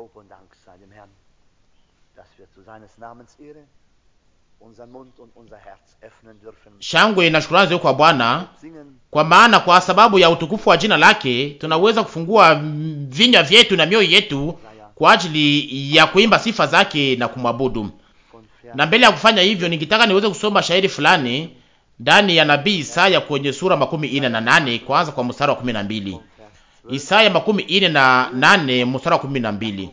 Lob und Dank sei dem Herrn, dass wir zu seines Namens Ehre unseren Mund und unser Herz öffnen dürfen. Shangwe na shukrani zetu kwa Bwana, kwa maana kwa sababu ya utukufu wa jina lake tunaweza kufungua vinywa vyetu na mioyo yetu kwa ajili ya kuimba sifa zake na kumwabudu. Na mbele ya kufanya hivyo, ningetaka niweze kusoma shairi fulani ndani ya nabii Isaya kwenye sura makumi ine na nane kwanza kwa mstari wa kumi na mbili Isaya makumi ine na nane mstari wa kumi na mbili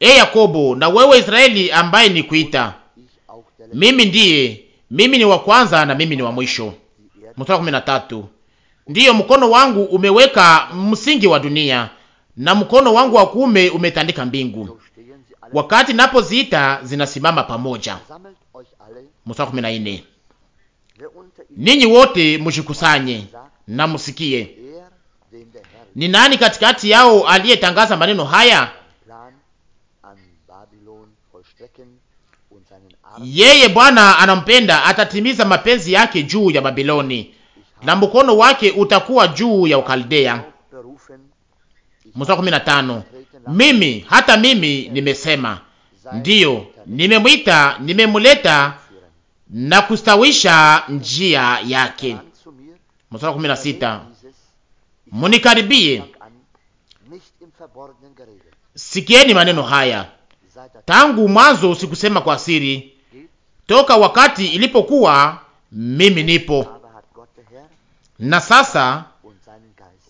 E Yakobo na wewe Israeli ambaye ni kuita mimi ndiye mimi ni wa kwanza na mimi ni wa mwisho. Mstari kumi na tatu ndiyo mkono wangu umeweka msingi wa dunia na mkono wangu wa kuume umetandika mbingu. Wakati napoziita zinasimama pamoja, mstari kumi na nne ninyi wote mushikusanye na musikie, ni nani katikati yao aliyetangaza maneno haya? Yeye Bwana anampenda, atatimiza mapenzi yake juu ya Babiloni, na mkono wake utakuwa juu ya Ukaldea. Mstari kumi na tano mimi hata mimi nimesema Ndiyo, nimemwita, nimemuleta na kustawisha njia yake. Mstari kumi na sita, munikaribie, sikieni maneno haya. Tangu mwanzo sikusema kwa siri, toka wakati ilipokuwa mimi nipo. Na sasa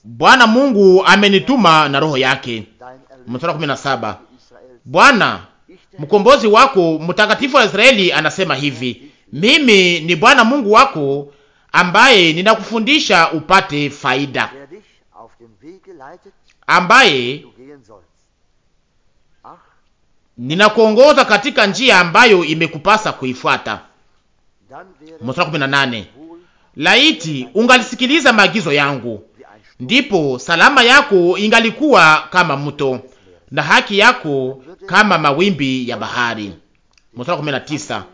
Bwana Mungu amenituma na roho yake. Mstari kumi na saba, Bwana mkombozi wako mtakatifu wa Israeli anasema hivi, mimi ni Bwana Mungu wako ambaye ninakufundisha upate faida, ambaye ninakuongoza katika njia ambayo imekupasa kuifuata. Mstari 18, laiti ungalisikiliza maagizo yangu, ndipo salama yako ingalikuwa kama mto na haki yako kama mawimbi ya bahari. Mstari kumi na tisa,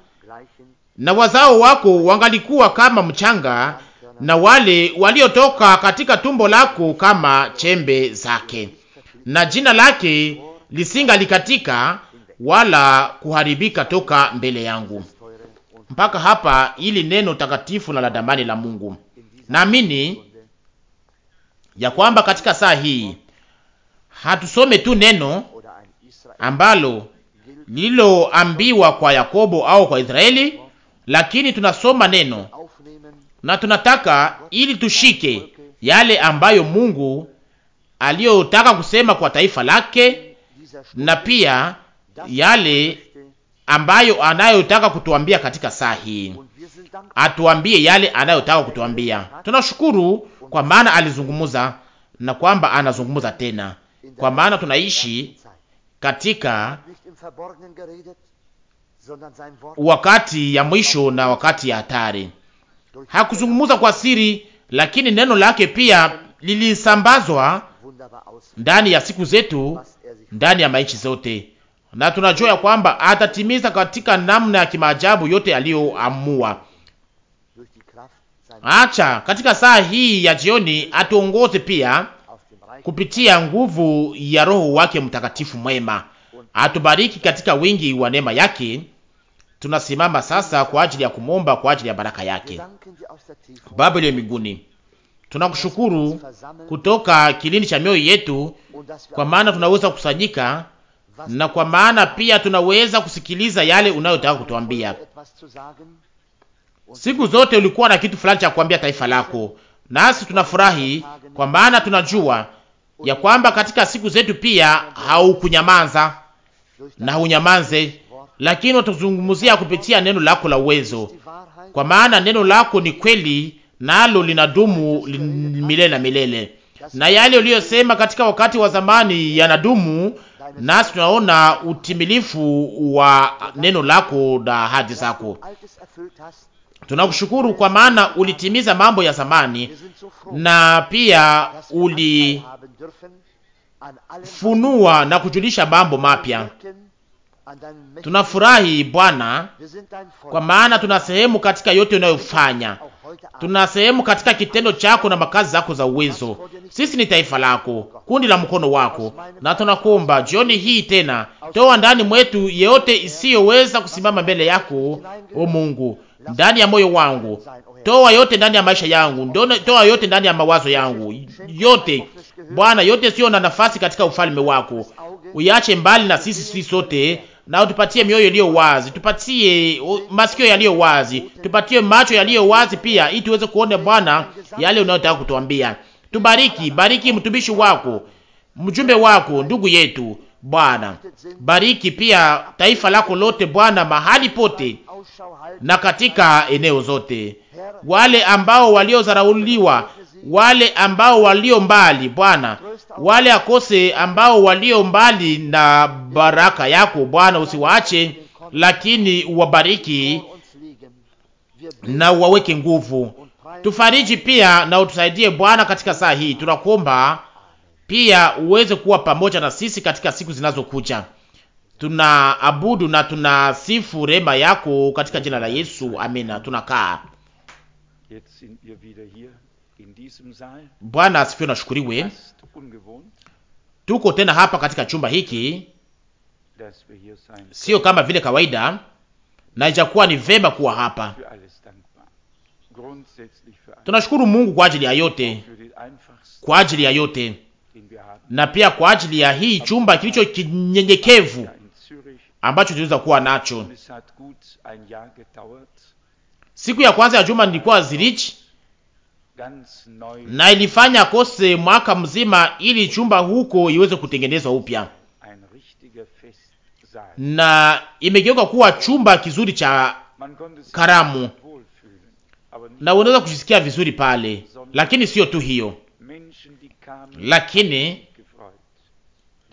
na wazao wako wangalikuwa kama mchanga na wale waliotoka katika tumbo lako kama chembe zake, na jina lake lisinga likatika wala kuharibika toka mbele yangu. Mpaka hapa, ili neno takatifu na la damani la Mungu. Naamini ya kwamba katika saa hii hatusome tu neno ambalo lililoambiwa kwa Yakobo au kwa Israeli, lakini tunasoma neno na tunataka ili tushike yale ambayo Mungu aliyotaka kusema kwa taifa lake na pia yale ambayo anayotaka kutuambia katika saa hii, atuambie yale anayotaka kutuambia. Tunashukuru kwa maana alizungumuza na kwamba anazungumuza tena, kwa maana tunaishi katika wakati ya mwisho na wakati ya hatari. Hakuzungumuza kwa siri, lakini neno lake pia lilisambazwa ndani ya siku zetu, ndani ya maishi zote, na tunajua ya kwamba atatimiza katika namna ya kimaajabu yote aliyoamua. Acha katika saa hii ya jioni atuongoze pia kupitia nguvu ya Roho wake Mtakatifu mwema, atubariki katika wingi wa neema yake. Tunasimama sasa kwa ajili ya kumwomba kwa ajili ya baraka yake. Baba ya mbinguni, tunakushukuru kutoka kilindi cha mioyo yetu, kwa maana tunaweza kusanyika na kwa maana pia tunaweza kusikiliza yale unayotaka kutuambia. Siku zote ulikuwa na kitu fulani cha kuambia taifa lako, nasi tunafurahi kwa maana tunajua ya kwamba katika siku zetu pia haukunyamaza na hunyamaze, lakini utazungumzia kupitia neno lako la uwezo, kwa maana neno lako ni kweli, nalo linadumu milele na milele, na yale uliyosema katika wakati wa zamani yanadumu, nasi tunaona utimilifu wa neno lako na ahadi zako. Tunakushukuru kwa maana ulitimiza mambo ya zamani na pia ulifunua na kujulisha mambo mapya. Tunafurahi Bwana, kwa maana tuna sehemu katika yote unayofanya. Tuna sehemu katika kitendo chako na makazi zako za uwezo. Sisi ni taifa lako, kundi la mkono wako, na tunakuomba jioni hii tena, toa ndani mwetu yeyote isiyoweza kusimama mbele yako, o Mungu, ndani ya moyo wangu, toa yote ndani ya maisha yangu, toa yote ndani ya mawazo yangu yote, Bwana, yote sio na nafasi katika ufalme wako, uiache mbali na sisi sisi sote, na utupatie mioyo iliyo wazi, tupatie masikio yaliyo wazi, tupatie macho yaliyo wazi pia, ili tuweze kuona Bwana yale unayotaka kutuambia. Tubariki, bariki mtumishi wako, mjumbe wako, ndugu yetu Bwana, bariki pia taifa lako lote Bwana, mahali pote na katika eneo zote. Wale ambao waliozarauliwa wale ambao walio mbali, Bwana, wale akose ambao walio mbali na baraka yako Bwana, usiwaache lakini uwabariki na uwaweke nguvu. Tufariji pia na utusaidie Bwana katika saa hii, tunakuomba pia uweze kuwa pamoja na sisi katika siku zinazokuja tunaabudu na tunasifu rema yako katika jina la Yesu, amina. Tunakaa. Bwana asifiwe na shukuriwe. Tuko tena hapa katika chumba hiki, sio kama vile kawaida, na ijakuwa ni vema kuwa hapa. Tunashukuru Mungu kwa ajili ya yote, kwa ajili ya yote, na pia kwa ajili ya hii chumba kilicho kinyenyekevu ambacho tuliweza kuwa nacho. Siku ya kwanza ya juma nilikuwa Zurich na ilifanya kose mwaka mzima ili chumba huko iweze kutengenezwa upya na imegeuka kuwa chumba kizuri cha karamu, na unaweza kujisikia vizuri pale. Lakini sio tu hiyo, lakini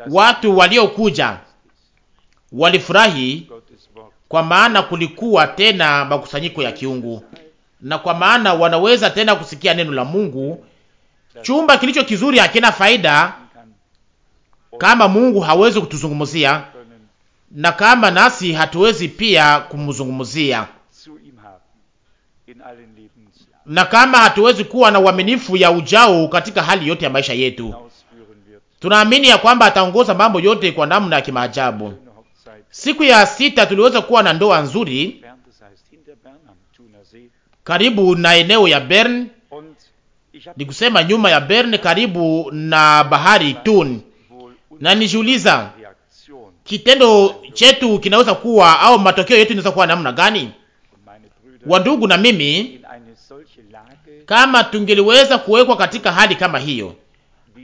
watu waliokuja walifurahi, kwa maana kulikuwa tena makusanyiko ya kiungu, na kwa maana wanaweza tena kusikia neno la Mungu. Chumba kilicho kizuri hakina faida kama Mungu hawezi kutuzungumzia na kama nasi hatuwezi pia kumzungumzia na kama hatuwezi kuwa na uaminifu ya ujao katika hali yote ya maisha yetu. Tunaamini ya kwamba ataongoza mambo yote kwa namna ya kimaajabu. Siku ya sita tuliweza kuwa na ndoa nzuri karibu na eneo ya Bern, ni kusema nyuma ya Bern, karibu na bahari Tun, na nijiuliza kitendo chetu kinaweza kuwa au matokeo yetu inaweza kuwa namna gani? Wandugu na mimi, kama tungeliweza kuwekwa katika hali kama hiyo,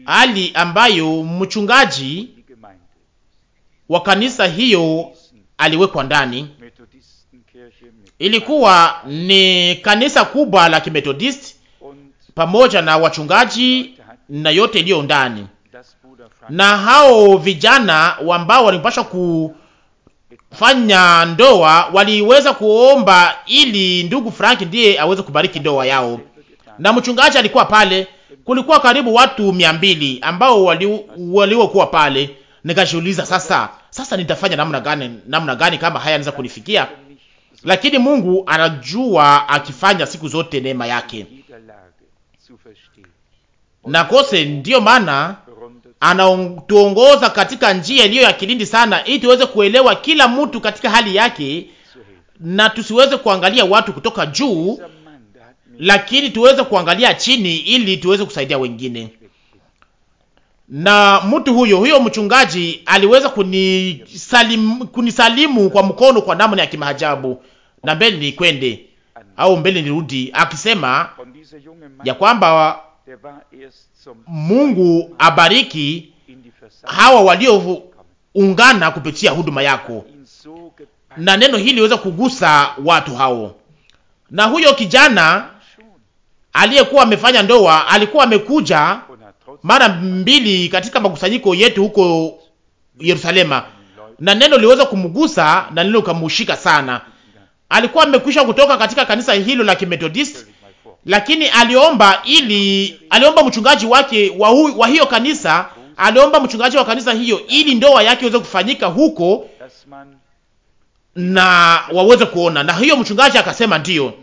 hali ambayo mchungaji wa kanisa hiyo aliwekwa ndani. Ilikuwa ni kanisa kubwa la Kimethodisti pamoja na wachungaji na yote iliyo ndani, na hao vijana ambao walipashwa kufanya ndoa waliweza kuomba ili ndugu Frank ndiye aweze kubariki ndoa yao, na mchungaji alikuwa pale. Kulikuwa karibu watu mia mbili ambao waliokuwa wali pale Nikajiuliza sasa, sasa nitafanya namna gani, namna gani kama haya yanaweza kunifikia? Lakini Mungu anajua akifanya siku zote neema yake na kose, ndiyo maana anatuongoza katika njia iliyo ya kilindi sana, ili tuweze kuelewa kila mtu katika hali yake, na tusiweze kuangalia watu kutoka juu, lakini tuweze kuangalia chini, ili tuweze kusaidia wengine na mtu huyo huyo mchungaji aliweza kunisalimu, kunisalimu kwa mkono kwa namna ya kimaajabu, na mbele nikwende au mbele nirudi, akisema ya kwamba Mungu abariki hawa walioungana kupitia huduma yako, na neno hili liweza kugusa watu hao. Na huyo kijana aliyekuwa amefanya ndoa alikuwa amekuja mara mbili katika makusanyiko yetu huko Yerusalema, na neno liweza kumgusa na neno likamushika sana. Alikuwa amekwisha kutoka katika kanisa hilo la kimetodist lakini aliomba ili aliomba mchungaji wake wa, hu, wa hiyo kanisa aliomba mchungaji wa kanisa hiyo ili ndoa yake iweze kufanyika huko na waweze kuona, na hiyo mchungaji akasema ndiyo.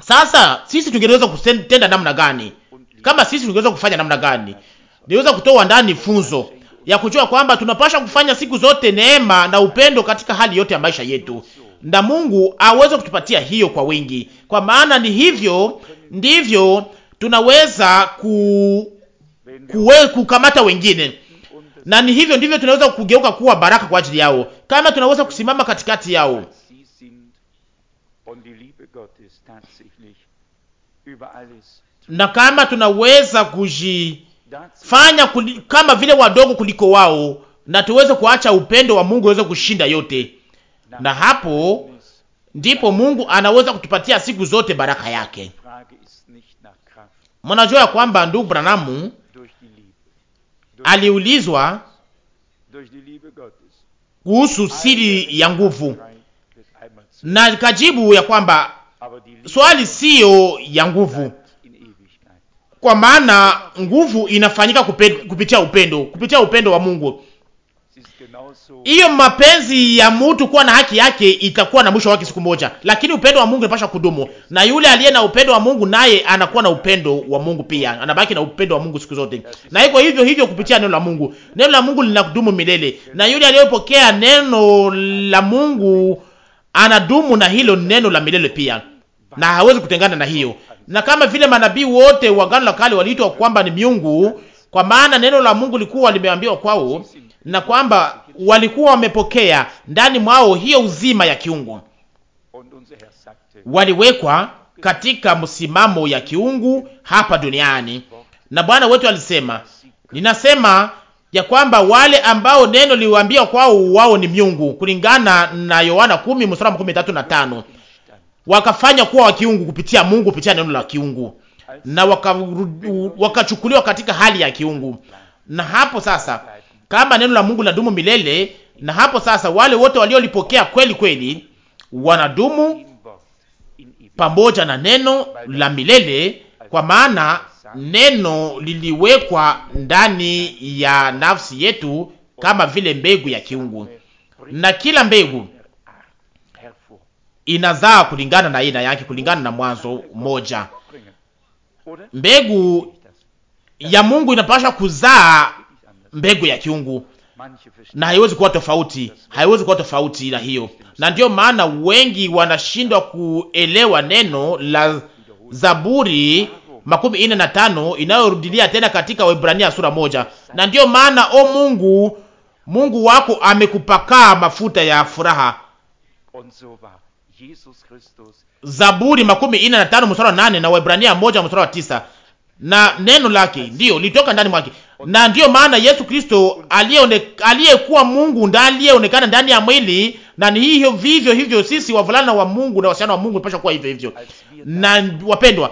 Sasa sisi tungeweza kutenda namna gani? Kama sisi tungeweza kufanya namna gani? Niweza kutoa ndani funzo ya kujua kwamba tunapasha kufanya siku zote neema na upendo katika hali yote ya maisha yetu, na Mungu aweze kutupatia hiyo kwa wingi, kwa maana ni hivyo ndivyo tunaweza ku, kuwe, kukamata wengine na ni hivyo ndivyo tunaweza kugeuka kuwa baraka kwa ajili yao, kama tunaweza kusimama katikati yao na kama tunaweza kujifanya kama vile wadogo kuliko wao, na tuweze kuacha upendo wa Mungu uweze kushinda yote, na hapo ndipo Mungu anaweza kutupatia siku zote baraka yake. Mnajua ya kwamba ndugu Branamu aliulizwa kuhusu siri ya nguvu, na kajibu ya kwamba swali siyo ya nguvu, kwa maana nguvu inafanyika kupitia upendo, kupitia upendo wa Mungu. Hiyo mapenzi ya mtu kuwa na haki yake itakuwa na mwisho wake siku moja, lakini upendo wa Mungu unapaswa kudumu, na yule aliye na upendo wa Mungu naye anakuwa na upendo wa Mungu pia, anabaki na upendo wa Mungu siku zote, na iko hivyo hivyo kupitia neno la Mungu. Neno la Mungu linadumu milele, na yule aliyepokea neno la Mungu anadumu na hilo neno la milele pia, na hawezi kutengana na hiyo na kama vile manabii wote wa Agano la Kale waliitwa kwamba ni miungu, kwa maana neno la Mungu likuwa limeambiwa kwao, na kwamba walikuwa wamepokea ndani mwao hiyo uzima ya kiungu, waliwekwa katika msimamo ya kiungu hapa duniani. Na Bwana wetu alisema, ninasema ya kwamba wale ambao neno liwaambia kwao wao ni miungu, kulingana na Yohana 10 mstari wa 13 na wakafanya kuwa wa kiungu kupitia Mungu, kupitia neno la kiungu, na wakachukuliwa waka katika hali ya kiungu. Na hapo sasa, kama neno la Mungu linadumu milele, na hapo sasa wale wote waliolipokea kweli kweli wanadumu pamoja na neno la milele, kwa maana neno liliwekwa ndani ya nafsi yetu kama vile mbegu ya kiungu, na kila mbegu inazaa kulingana na aina yake, kulingana na Mwanzo moja. Mbegu ya Mungu inapaswa kuzaa mbegu ya kiungu, na haiwezi kuwa tofauti, haiwezi kuwa tofauti na hiyo. Na ndiyo maana wengi wanashindwa kuelewa neno la Zaburi makumi ine na tano inayorudilia tena katika Waebrania sura moja. Na ndiyo maana o Mungu, Mungu wako amekupakaa mafuta ya furaha Zaburi makumi ine na tano mstari wa nane na Waebrania moja mstari wa tisa na neno lake ndiyo litoka ndani mwake, na ndiyo maana Yesu Kristo aliyekuwa Mungu ndiye aliyeonekana ndani ya mwili. Na ni hivyo vivyo hivyo, sisi wavulana wa Mungu na wasichana wa Mungu tunapaswa kuwa hivyo hivyo. Na wapendwa,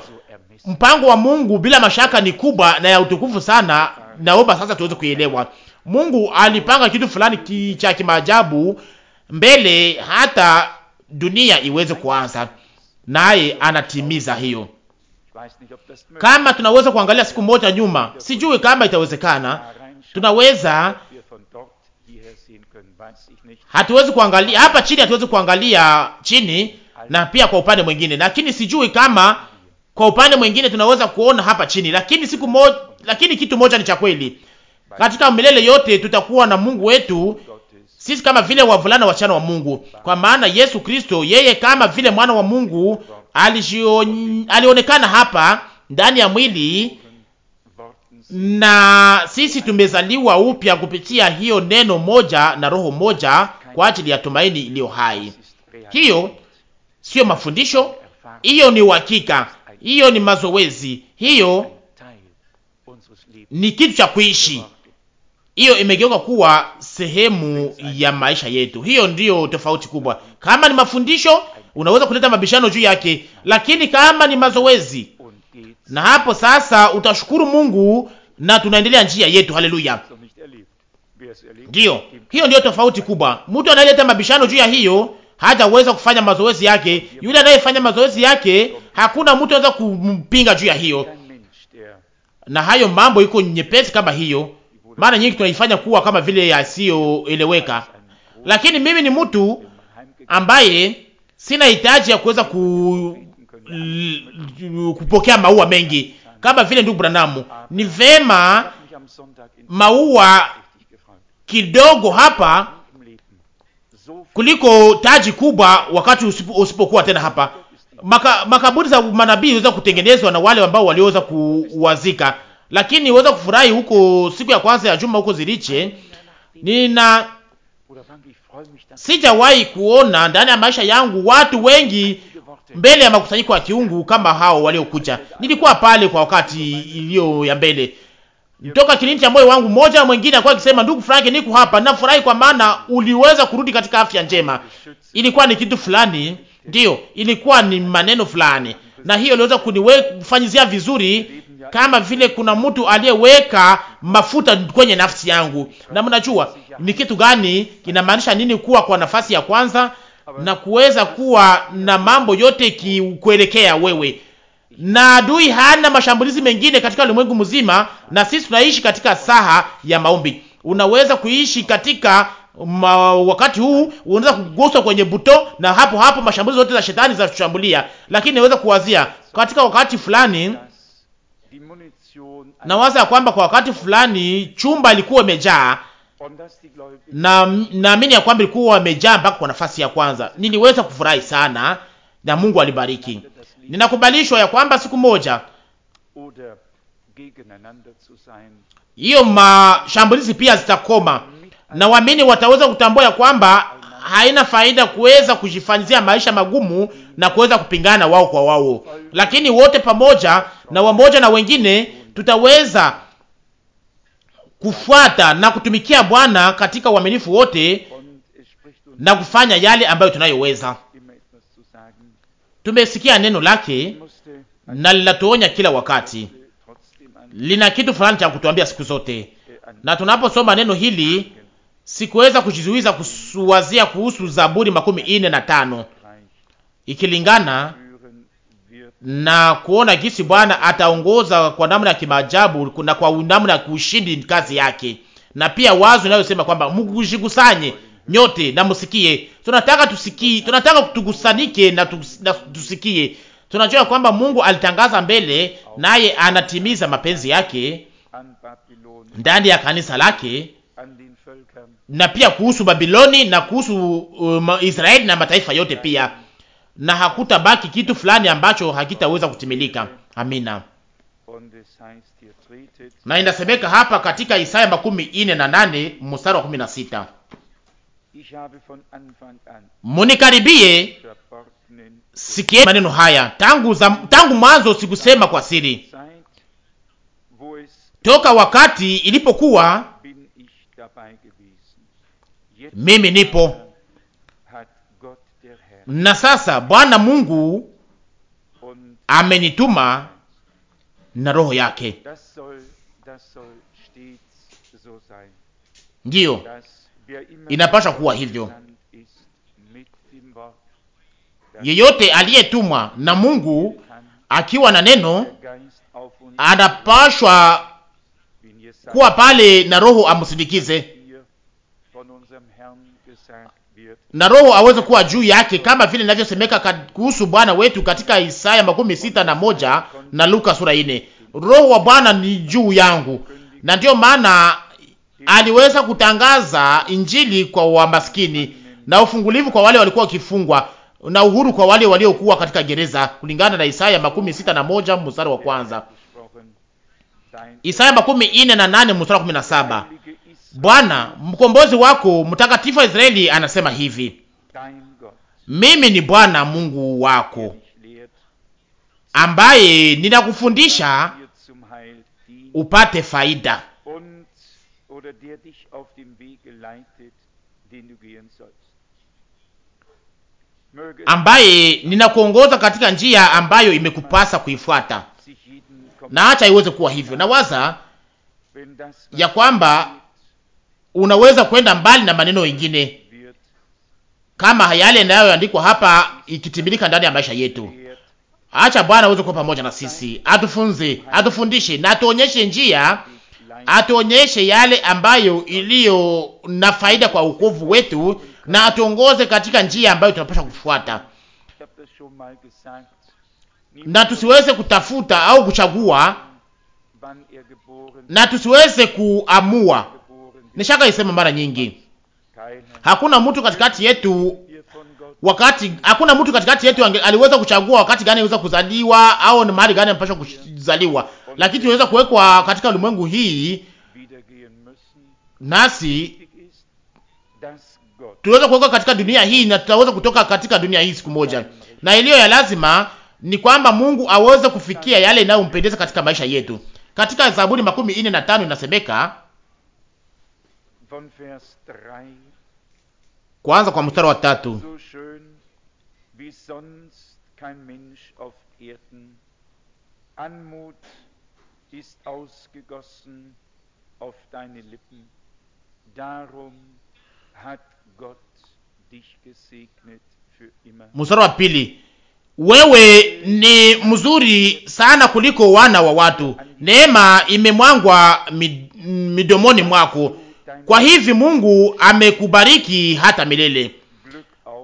mpango wa Mungu bila mashaka ni kubwa na ya utukufu sana. Naomba sasa tuweze kuielewa. Mungu alipanga kitu fulani ki cha kimaajabu mbele hata dunia iweze kuanza, naye anatimiza hiyo. Kama tunaweza kuangalia siku moja nyuma, sijui kama itawezekana. Tunaweza hatuwezi kuangalia hapa chini, hatuwezi kuangalia chini na pia kwa upande mwingine, lakini sijui kama kwa upande mwingine tunaweza kuona hapa chini, lakini siku moja, lakini kitu moja ni cha kweli, katika milele yote tutakuwa na Mungu wetu sisi kama vile wavulana wachana wa Mungu, kwa maana Yesu Kristo yeye kama vile mwana wa Mungu alionekana hapa ndani ya mwili, na sisi tumezaliwa upya kupitia hiyo neno moja na roho moja kwa ajili ya tumaini iliyo hai. Hiyo sio mafundisho, hiyo ni uhakika, hiyo ni mazoezi, hiyo ni kitu cha kuishi. Hiyo imegeuka kuwa sehemu ya maisha yetu. Hiyo ndiyo tofauti kubwa. Kama ni mafundisho, unaweza kuleta mabishano juu yake, lakini kama ni mazoezi, na hapo sasa utashukuru Mungu na tunaendelea njia yetu. Haleluya! Ndiyo, hiyo ndiyo tofauti kubwa. Mtu anayeleta mabishano juu ya hiyo hajaweza kufanya mazoezi yake. Yule anayefanya mazoezi yake, hakuna mtu anaweza kumpinga juu ya hiyo, na hayo mambo iko nyepesi kama hiyo mara nyingi tunaifanya kuwa kama vile yasiyoeleweka, lakini mimi ni mtu ambaye sina hitaji ya kuweza ku kupokea maua mengi kama vile ndugu Branamu. Ni vema maua kidogo hapa kuliko taji kubwa wakati usipokuwa tena hapa. Maka, makaburi za manabii iliweza kutengenezwa na wale ambao waliweza kuwazika, lakini niweza kufurahi huko siku ya kwanza ya juma huko Ziliche. Nina sijawahi kuona ndani ya maisha yangu watu wengi mbele ya makusanyiko ya kiungu kama hao waliokuja. Nilikuwa pale kwa wakati iliyo ya mbele toka kilindi cha moyo wangu, mmoja mwingine alikuwa akisema, ndugu Frank, niko hapa, nafurahi kwa maana uliweza kurudi katika afya njema. Ilikuwa ni kitu fulani, ndiyo, ilikuwa ni maneno fulani, na hiyo iliweza kuniwe kufanyizia vizuri kama vile kuna mtu aliyeweka mafuta kwenye nafsi yangu. Na mnajua ni kitu gani kinamaanisha nini kuwa kwa nafasi ya kwanza na kuweza kuwa na mambo yote kuelekea wewe, na adui hana mashambulizi mengine katika ulimwengu mzima, na sisi tunaishi katika saha ya maombi. Unaweza kuishi katika Ma, wakati huu unaweza kuguswa kwenye buto na hapo hapo mashambulizi yote za shetani za kushambulia, lakini naweza kuwazia katika wakati fulani Nawaza kwamba kwa wakati fulani chumba ilikuwa imejaa, na naamini ya kwamba ilikuwa imejaa mpaka kwa nafasi ya kwanza. Niliweza kufurahi sana na Mungu alibariki. Ninakubalishwa ya kwamba siku moja hiyo mashambulizi pia zitakoma, na waamini wataweza kutambua ya kwamba haina faida kuweza kujifanyia maisha magumu na kuweza kupingana wao kwa wao, lakini wote pamoja na wamoja na wengine tutaweza kufuata na kutumikia Bwana katika uaminifu wote na kufanya yale ambayo tunayoweza. Tumesikia neno lake na linatuonya kila wakati, lina kitu fulani cha kutuambia siku zote, na tunaposoma neno hili sikuweza kujizuiza kuwazia kuhusu Zaburi makumi ine na tano ikilingana na kuona jinsi Bwana ataongoza kwa namna ya kimaajabu na kwa namna ya kushindi kazi yake, na pia wazo inayosema kwamba mjikusanye nyote na msikie. Tunataka tusikie, tunataka tukusanike na, tus, na tusikie. Tunajua kwamba Mungu alitangaza mbele, naye anatimiza mapenzi yake ndani ya kanisa lake na pia kuhusu Babiloni na kuhusu um, Israeli na mataifa yote pia, na hakutabaki kitu fulani ambacho hakitaweza kutimilika. Amina. Na inasemeka hapa katika Isaya makumi ine na nane mstari wa kumi na sita munikaribie, sikie maneno haya, tangu za, tangu mwanzo sikusema kwa siri, toka wakati ilipokuwa mimi nipo. Na sasa Bwana Mungu amenituma na roho yake. Ndiyo, inapaswa kuwa hivyo. Yeyote aliyetumwa na Mungu akiwa na neno anapashwa kuwa pale na Roho amsindikize na Roho aweze kuwa juu yake, kama vile inavyosemeka kuhusu Bwana wetu katika Isaya makumi sita na moja na Luka sura ine, Roho wa Bwana ni juu yangu. Na ndiyo maana aliweza kutangaza injili kwa wamaskini na ufungulivu kwa wale walikuwa wakifungwa na uhuru kwa wale waliokuwa katika gereza kulingana na Isaya makumi sita na moja mstari wa kwanza. Isaya makumi ine na nane mstari kumi na saba. Bwana mkombozi wako mtakatifu wa Israeli anasema hivi, mimi ni Bwana Mungu wako ambaye ninakufundisha upate faida ambaye ninakuongoza katika njia ambayo imekupasa kuifuata na acha iweze kuwa hivyo. Na waza ya kwamba unaweza kwenda mbali na maneno mengine kama yale yanayoandikwa hapa ikitimilika ndani ya maisha yetu. Acha Bwana aweze kuwa pamoja na sisi, atufunze, atufundishe na atuonyeshe njia, atuonyeshe yale ambayo iliyo na faida kwa ukovu wetu, na atuongoze katika njia ambayo tunapaswa kufuata na tusiweze kutafuta au kuchagua na tusiweze kuamua. Nishaka isema mara nyingi, hakuna mtu katikati yetu wakati, hakuna mtu katikati yetu aliweza kuchagua wakati gani aliweza kuzaliwa au ni mahali gani anapaswa kuzaliwa, lakini tunaweza kuwekwa katika ulimwengu hii, nasi tunaweza kuwekwa katika dunia hii na tutaweza kutoka katika dunia hii siku moja, na iliyo ya lazima ni kwamba Mungu aweze kufikia yale inayompendeza katika maisha yetu. Katika Zaburi makumi ine na tano inasemeka kwanza kwa mstari wa tatu Musara wa pili wewe ni mzuri sana kuliko wana wa watu, neema imemwangwa midomoni mwako. Kwa hivi Mungu amekubariki hata milele.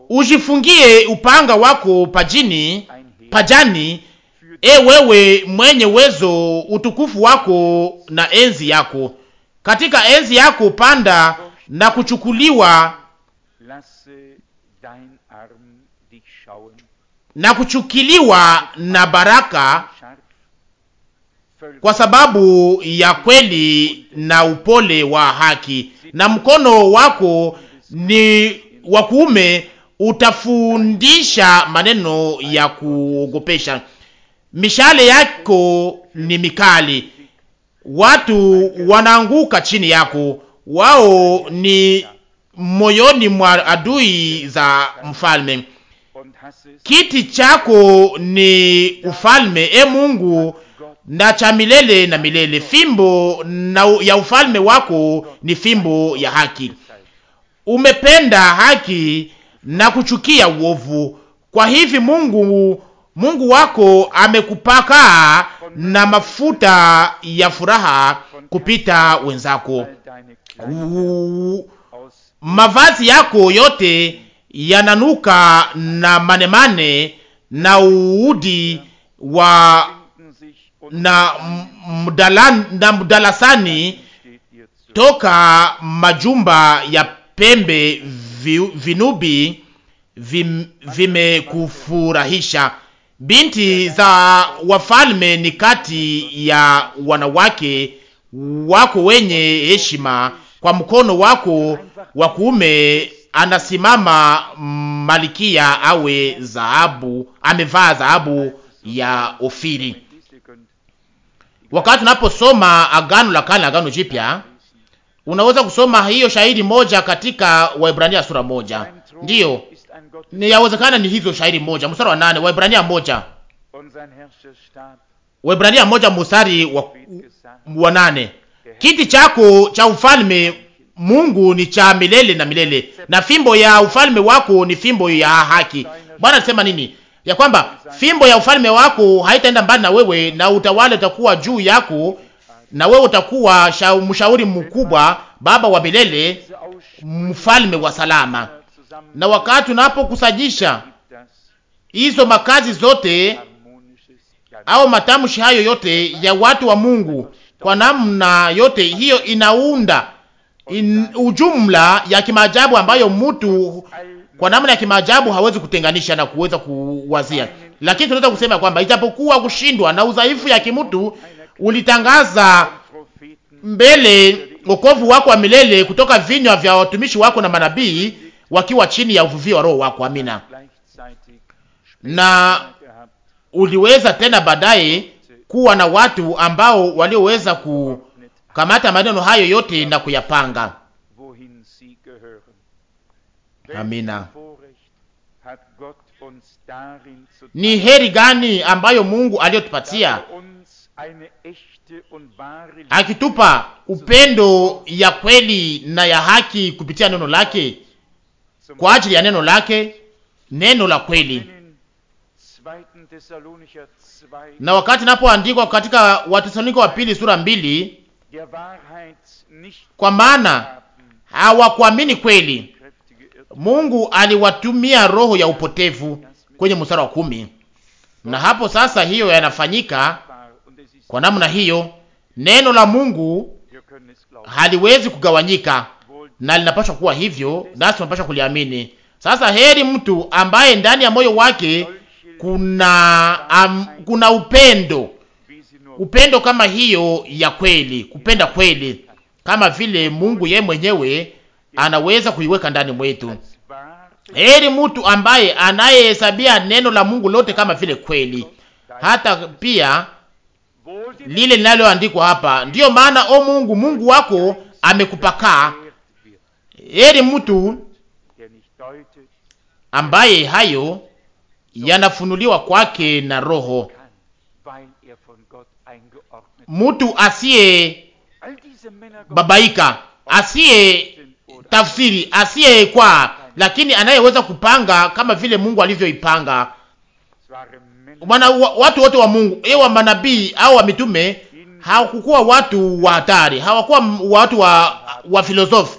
Ujifungie upanga wako pajini, pajani, e wewe mwenye uwezo, utukufu wako na enzi yako. Katika enzi yako panda na kuchukuliwa na kuchukiliwa na baraka kwa sababu ya kweli na upole wa haki, na mkono wako ni wa kuume utafundisha maneno ya kuogopesha, mishale yako ni mikali, watu wanaanguka chini yako, wao ni moyoni mwa adui za mfalme. Kiti chako ni ufalme, e Mungu, na cha milele na milele. Fimbo na ya ufalme wako ni fimbo ya haki. Umependa haki na kuchukia uovu. Kwa hivi Mungu Mungu wako amekupaka na mafuta ya furaha kupita wenzako. Mavazi yako yote yananuka na manemane na uudi wa na mdalan, na mdalasani toka majumba ya pembe vi, vinubi vim, vimekufurahisha. Binti za wafalme ni kati ya wanawake wako wenye heshima, kwa mkono wako wa kuume anasimama malikia awe dhahabu, amevaa dhahabu ya Ofiri. Wakati unaposoma Agano la Kale, Agano Jipya, unaweza kusoma hiyo shahidi moja katika Waibrania sura moja. Ndiyo, ni yawezekana ni hivyo shahidi moja mstari wa nane Waibrania moja Waibrania moja mstari wa, wa nane kiti chako cha ufalme Mungu ni cha milele na milele, na fimbo ya ufalme wako ni fimbo ya haki. Bwana anasema nini? Ya kwamba fimbo ya ufalme wako haitaenda mbali na wewe, na utawala utakuwa juu yako, na wewe utakuwa mshauri mkubwa, baba wa milele, mfalme wa salama. Na wakati unapokusajisha hizo makazi zote au matamshi hayo yote ya watu wa Mungu kwa namna yote hiyo, inaunda in ujumla ya kimaajabu ambayo mtu kwa namna ya kimaajabu hawezi kutenganisha na kuweza kuwazia, lakini tunaweza kusema kwamba ijapokuwa kushindwa na udhaifu ya kimtu ulitangaza mbele wokovu wako wa milele kutoka vinywa vya watumishi wako na manabii wakiwa chini ya uvuvio wa roho wako. Amina. Na uliweza tena baadaye kuwa na watu ambao walioweza ku Kamata maneno hayo yote na kuyapanga. Amina. Ni heri gani ambayo Mungu aliyotupatia akitupa upendo ya kweli na ya haki kupitia neno lake, kwa ajili ya neno lake, neno la kweli. Na wakati napoandikwa katika Watesalonika wa pili sura mbili kwa maana hawakuamini kweli. Mungu aliwatumia roho ya upotevu kwenye mstari wa kumi, na hapo sasa hiyo yanafanyika kwa namna hiyo. Neno la Mungu haliwezi kugawanyika na linapaswa kuwa hivyo, nasi tunapaswa kuliamini. Sasa heri mtu ambaye ndani ya moyo wake kuna, um, kuna upendo upendo kama hiyo ya kweli, kupenda kweli, kama vile Mungu ye mwenyewe anaweza kuiweka ndani mwetu. Heri mtu ambaye anayehesabia neno la Mungu lote kama vile kweli, hata pia lile linaloandikwa hapa. Ndiyo maana o Mungu, Mungu wako amekupakaa. Heri mtu ambaye hayo yanafunuliwa kwake na Roho mtu asiye babaika, asiye tafsiri, asiye kwa, lakini anayeweza kupanga kama vile Mungu alivyoipanga. Wana, watu wote wa Mungu wa manabii au wa mitume hawakukuwa watu wa hatari, hawakuwa watu wa, wa filosofi,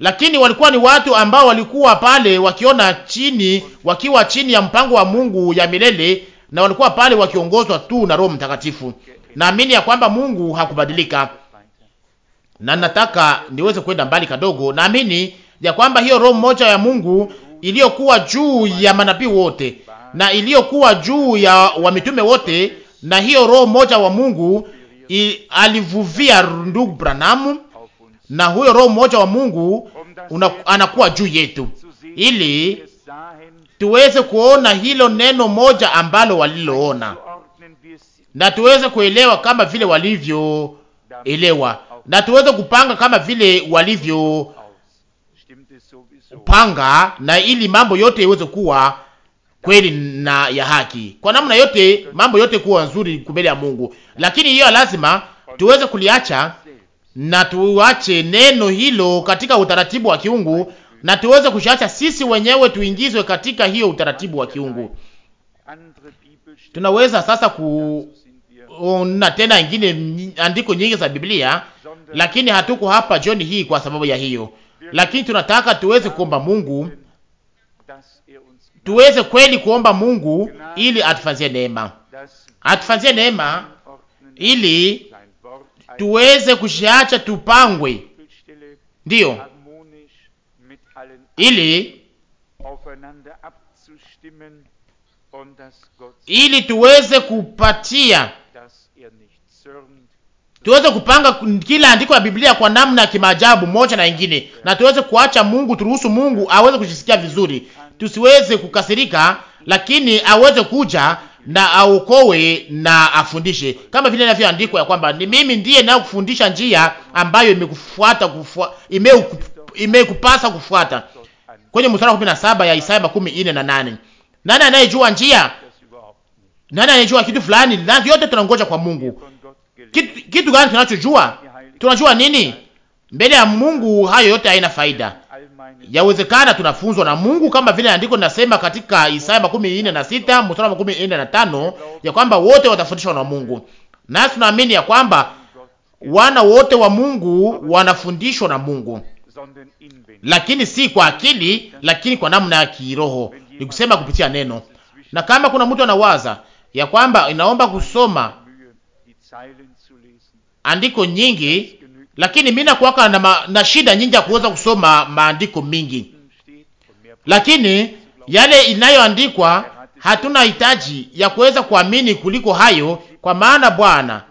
lakini walikuwa ni watu ambao walikuwa pale wakiona chini, wakiwa chini ya mpango wa Mungu ya milele, na walikuwa pale wakiongozwa tu na Roho Mtakatifu. Naamini ya kwamba Mungu hakubadilika, na nataka niweze kwenda mbali kadogo. Naamini ya kwamba hiyo roho moja ya Mungu iliyokuwa juu ya manabii wote na iliyokuwa juu ya wamitume wote, na hiyo roho moja wa Mungu alivuvia ndugu Branham, na huyo roho moja wa Mungu una, anakuwa juu yetu ili tuweze kuona hilo neno moja ambalo waliloona na tuweze kuelewa kama vile walivyoelewa, na tuweze kupanga kama vile walivyopanga, na ili mambo yote iweze kuwa kweli na ya haki, kwa namna yote mambo yote kuwa nzuri mbele ya Mungu. Lakini hiyo lazima tuweze kuliacha na tuache neno hilo katika utaratibu wa kiungu, na tuweze kushacha sisi wenyewe tuingizwe katika hiyo utaratibu wa kiungu. Tunaweza sasa ku una tena ingine andiko nyingi za Biblia, lakini hatuko hapa jioni hii kwa sababu ya hiyo, lakini tunataka tuweze kuomba Mungu, tuweze kweli kuomba Mungu ili atufanzie neema, atufanzie neema ili tuweze kushiacha tupangwe, ndiyo, ili ili tuweze kupatia tuweze kupanga kila andiko la Biblia kwa namna ya kimaajabu moja na ingine, na tuweze kuacha Mungu, turuhusu Mungu aweze kujisikia vizuri, tusiweze kukasirika, lakini aweze kuja na aokoe na afundishe, kama vile inavyoandikwa ya kwamba ni mimi ndiye nao kufundisha njia ambayo imekufuata kufuata, imekupasa kufuata, kwenye mstari wa saba ya Isaya 40 na 8. Nani anayejua njia? Nani anayejua kitu fulani? Na yote tunangoja kwa Mungu kitu, kitu gani tunachojua? Tunajua nini mbele ya Mungu? Hayo yote haina faida. Yawezekana tunafunzwa na Mungu kama vile andiko linasema katika Isaya makumi nne na sita mstari wa makumi nne na tano ya kwamba wote watafundishwa na Mungu, nasi tunaamini ya kwamba wana wote wa Mungu wanafundishwa na Mungu, lakini si kwa akili, lakini kwa namna ya kiroho, ni kusema kupitia neno. Na kama kuna mtu anawaza ya kwamba inaomba kusoma andiko nyingi, lakini mimi nakuwaka na, ma, na shida nyingi ya kuweza kusoma maandiko mingi, lakini yale inayoandikwa hatuna hitaji ya kuweza kuamini kuliko hayo, kwa maana Bwana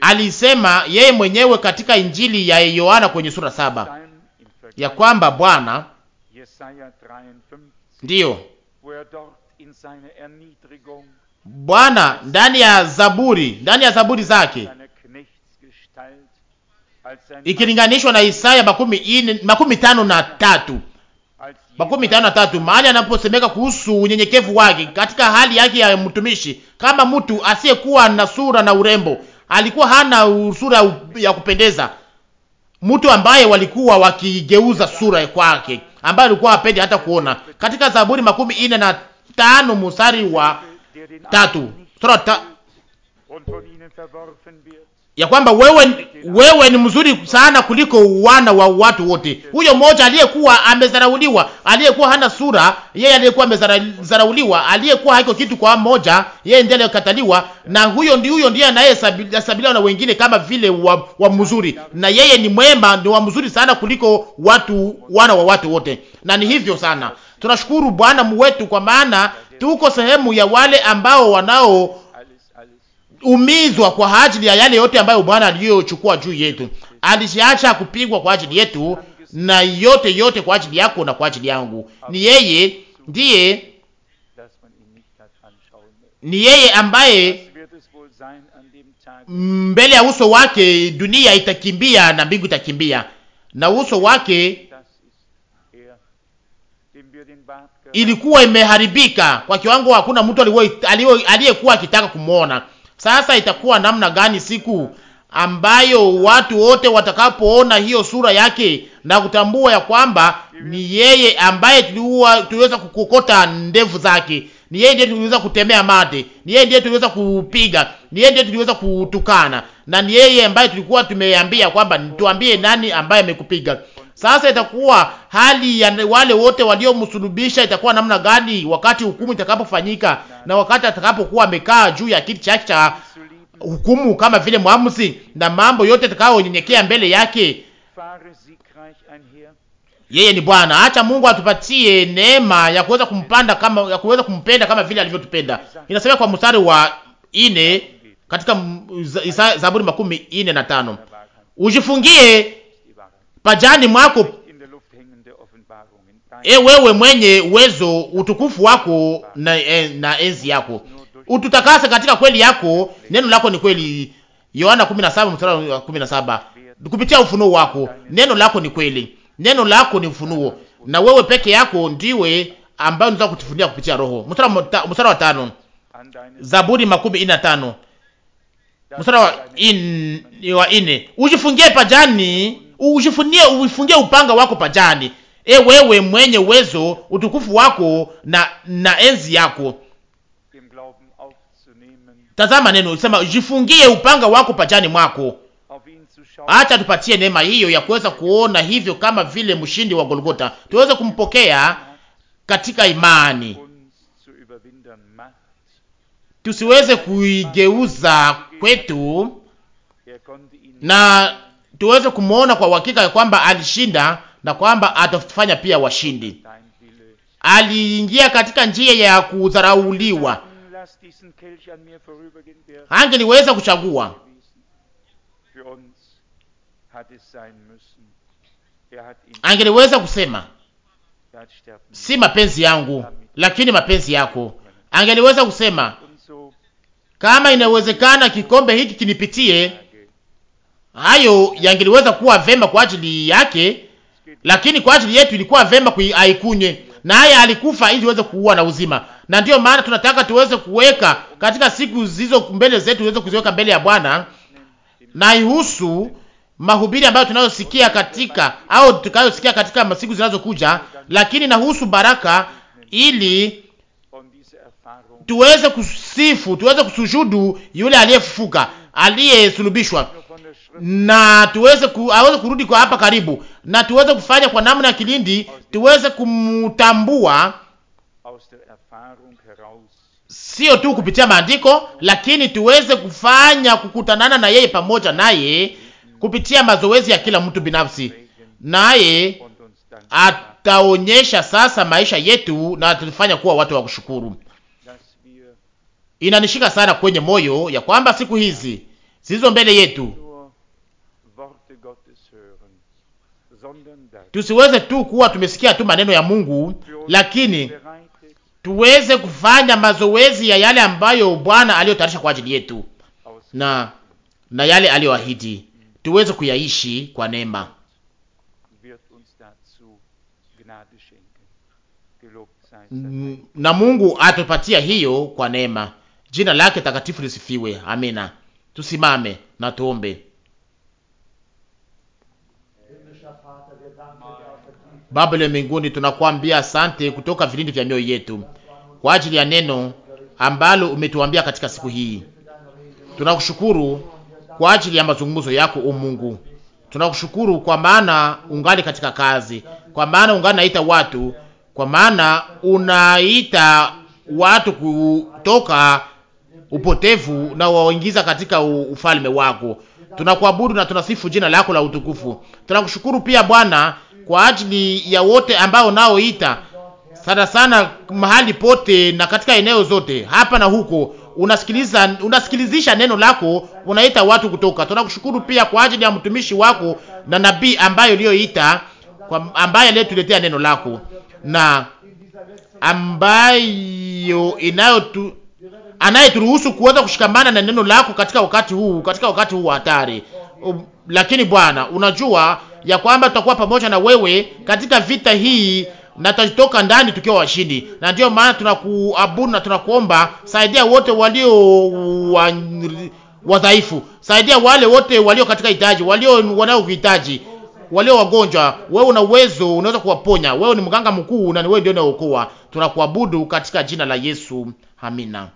alisema yeye mwenyewe katika Injili ya Yohana kwenye sura saba ya kwamba Bwana ndiyo Bwana ndani ya Zaburi, ndani ya Zaburi zake ikilinganishwa na Isaya makumi, makumi tano na tatu makumi tano na tatu mahali anaposemeka kuhusu unyenyekevu wake katika hali yake ya mtumishi, kama mtu asiyekuwa na sura na urembo, alikuwa hana sura ya kupendeza, mtu ambaye walikuwa wakigeuza sura kwake, ambaye alikuwa hapendi hata kuona. Katika Zaburi makumi ine na tano mstari wa tatu sura ta ya kwamba wewe, wewe ni mzuri sana kuliko wana wa watu wote. Huyo mmoja aliyekuwa amezarauliwa, aliyekuwa hana sura, yeye aliyekuwa amezarauliwa, aliyekuwa haiko kitu kwa mmoja, yeye ndiye aliyokataliwa, na huyo ndiye huyo ndiye anayehesabiliwa na wengine kama vile wa, wa mzuri, na yeye ni mwema, ni wa mzuri sana kuliko watu wana wa watu wote, na ni hivyo sana. Tunashukuru Bwana wetu kwa maana tuko sehemu ya wale ambao wanao umizwa kwa ajili ya yale yote ambayo Bwana aliyochukua juu yetu. Alijiacha kupigwa kwa ajili yetu na yote yote kwa ajili yako na kwa ajili yangu. Ni yeye ndiye, ni yeye ambaye mbele ya uso wake dunia itakimbia na mbingu itakimbia, na uso wake ilikuwa imeharibika kwa kiwango, hakuna mtu aliyekuwa akitaka kumwona sasa itakuwa namna gani siku ambayo watu wote watakapoona hiyo sura yake na kutambua ya kwamba ni yeye ambaye tuliweza kukokota ndevu zake, ni yeye ndiye tuliweza kutemea mate, ni yeye ndiye tuliweza kupiga, ni yeye ndiye tuliweza kutukana, na ni yeye ambaye tulikuwa tumeambia kwamba tuambie nani ambaye amekupiga. Sasa itakuwa hali ya wale wote waliomsulubisha itakuwa namna gani wakati hukumu itakapofanyika na wakati atakapokuwa amekaa juu ya kiti chake cha hukumu kama vile mwamuzi, na mambo yote atakayonyenyekea mbele yake. Yeye ni Bwana. Acha Mungu atupatie neema ya kuweza kumpanda kama ya kuweza kumpenda kama vile alivyotupenda. Inasema kwa mstari wa ine katika Zaburi makumi ine na tano ujifungie pajani mwako, e wewe mwenye uwezo, utukufu wako na, e, na enzi yako ututakase katika kweli yako, neno lako ni kweli. Yohana 17 mstari wa 17. Kupitia ufunuo wako, neno lako ni kweli, neno lako ni ufunuo, na wewe peke yako ndiwe ambayo unaweza kutufunia kupitia Roho. Mstari wa tano, Zaburi makumi ina tano mstari wa wa ine, ujifungie pajani ujifunie, uifungie upanga wako pajani, e wewe mwenye uwezo, utukufu wako na na enzi yako. Tazama neno sema, jifungie upanga wako pajani mwako. Acha tupatie neema hiyo ya kuweza kuona hivyo, kama vile mshindi wa Golgota, tuweze kumpokea katika imani, tusiweze kuigeuza kwetu er na tuweze kumwona kwa uhakika ya kwamba alishinda na kwamba atafanya pia washindi. Aliingia katika njia ya kudharauliwa, angeliweza kuchagua angeliweza kusema si mapenzi yangu, lakini mapenzi yako. Angeliweza kusema kama inawezekana, kikombe hiki kinipitie, hayo yangeliweza kuwa vema kwa ajili yake, lakini kwa ajili yetu ilikuwa vema aikunywe, na haya alikufa ili tuweze kuua na uzima. Na ndiyo maana tunataka tuweze kuweka katika siku zizo mbele zetu, tuweze kuziweka mbele ya Bwana na ihusu mahubiri ambayo tunayosikia katika au tukayosikia katika masiku zinazokuja, lakini nahusu baraka ili tuweze kusifu, tuweze kusujudu yule aliyefufuka, aliyesulubishwa na tuweze ku, aweze kurudi kwa hapa karibu, na tuweze kufanya kwa namna ya kilindi, tuweze kumtambua sio tu kupitia maandiko, lakini tuweze kufanya kukutanana na yeye pamoja naye kupitia mazoezi ya kila mtu binafsi, naye ataonyesha sasa maisha yetu na atufanya kuwa watu wa kushukuru. Inanishika sana kwenye moyo ya kwamba siku hizi zilizo mbele yetu tusiweze tu kuwa tumesikia tu maneno ya Mungu, lakini tuweze kufanya mazoezi ya yale ambayo Bwana aliyotayarisha kwa ajili yetu na na yale aliyoahidi, tuweze kuyaishi kwa neema. Na Mungu atupatia hiyo kwa neema. Jina lake takatifu lisifiwe. Amina. Tusimame na tuombe. Baba ya mbinguni, tunakuambia asante kutoka vilindi vya mioyo yetu kwa ajili ya neno ambalo umetuambia katika siku hii. Tunakushukuru kwa ajili ya mazungumzo yako, o Mungu. Tunakushukuru kwa maana ungali katika kazi, kwa maana ungali naita watu, kwa maana unaita watu kutoka upotevu na waingiza katika ufalme wako. Tunakuabudu na tunasifu jina lako la utukufu. Tunakushukuru pia Bwana kwa ajili ya wote ambao naoita sana sana mahali pote na katika eneo zote hapa na huko, unasikiliza unasikilizisha neno lako, unaita watu kutoka. Tunakushukuru pia kwa ajili ya mtumishi wako na nabii ambaye uliyoita, ambaye aliyetuletea neno lako na ambayo inayotu anayeturuhusu kuweza kushikamana na neno lako katika wakati huu, katika wakati huu hatari. Lakini Bwana, unajua ya kwamba tutakuwa pamoja na wewe katika vita hii na tutatoka ndani tukiwa washindi. Na ndio maana tunakuabudu na tunakuomba, saidia wote walio wa, wadhaifu, saidia wale wote walio katika hitaji, walio wanaohitaji, walio wagonjwa. Wewe una uwezo, unaweza kuwaponya. Wewe ni mganga mkuu na ni wewe ndio unaokoa. Tunakuabudu katika jina la Yesu, amina.